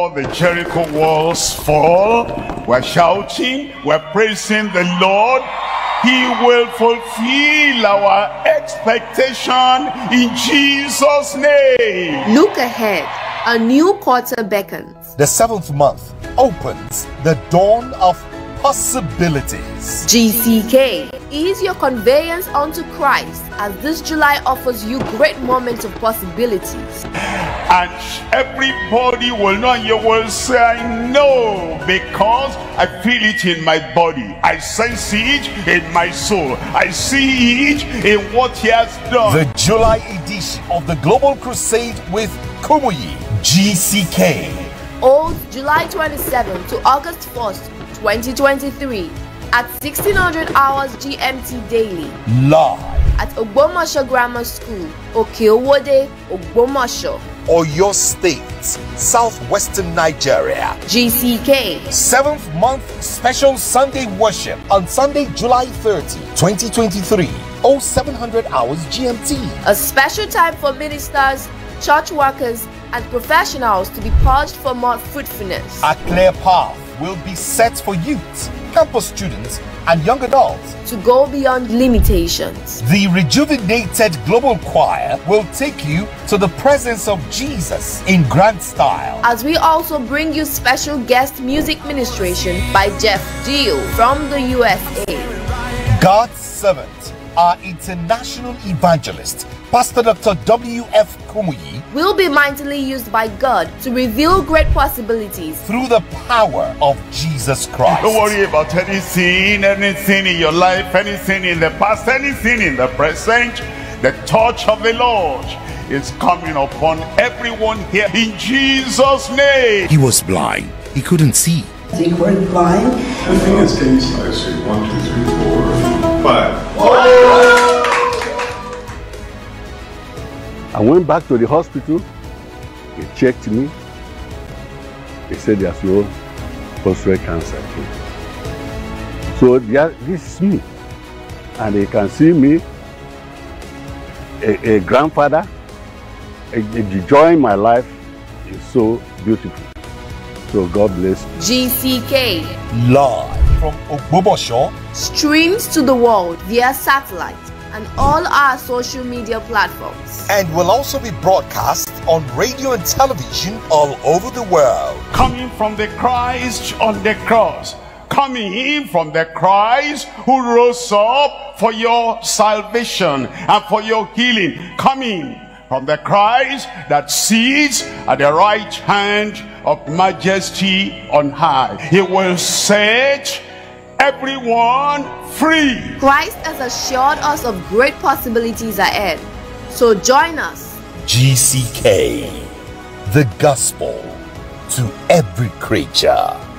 All the Jericho walls fall. We're shouting, we're praising the Lord. He will fulfill our expectation in Jesus' name. Look ahead. A new quarter beckons. The seventh month opens the dawn of possibilities. GCK, ease your conveyance onto Christ as this July offers you great moments of possibilities. And everybody will know you will say, I know because I feel it in my body. I sense it in my soul. I see it in what he has done. The July edition of the Global Crusade with Kumuyi GCK. Old July 27th to August 1st 2023 at 1600 hours GMT daily. Live at Obomasha Grammar School, Okeowode, or your State, Southwestern Nigeria. GCK. Seventh month special Sunday worship on Sunday, July 30, 2023. 0700 hours GMT. A special time for ministers, church workers, and professionals to be purged for more fruitfulness. A clear path will be set for youths, campus students, and young adults to go beyond limitations. The rejuvenated Global Choir will take you to the presence of Jesus in grand style. As we also bring you special guest music ministration by Jeff Deal from the USA. God's servant, our international evangelist, Pastor Dr. W.F. Kumuyi will be mightily used by God to reveal great possibilities through the power of Jesus Christ. Don't worry about anything, anything in your life, anything in the past, anything in the present. The touch of the Lord is coming upon everyone here in Jesus' name. He was blind. He couldn't see. They were blind. I think it's one, two, three. I went back to the hospital. They checked me. They said there's no prostate cancer So this is me. And you can see me, a, a grandfather. The joy in my life is so beautiful. So God bless you. GCK. Live from Ogbobosho. Streams to the world via satellite and all our social media platforms. And will also be broadcast on radio and television all over the world. Coming from the Christ on the cross. Coming in from the Christ who rose up for your salvation and for your healing. Coming from the Christ that sits at the right hand of majesty on high. He will set everyone free. Christ has assured us of great possibilities ahead. So join us. GCK, the gospel to every creature.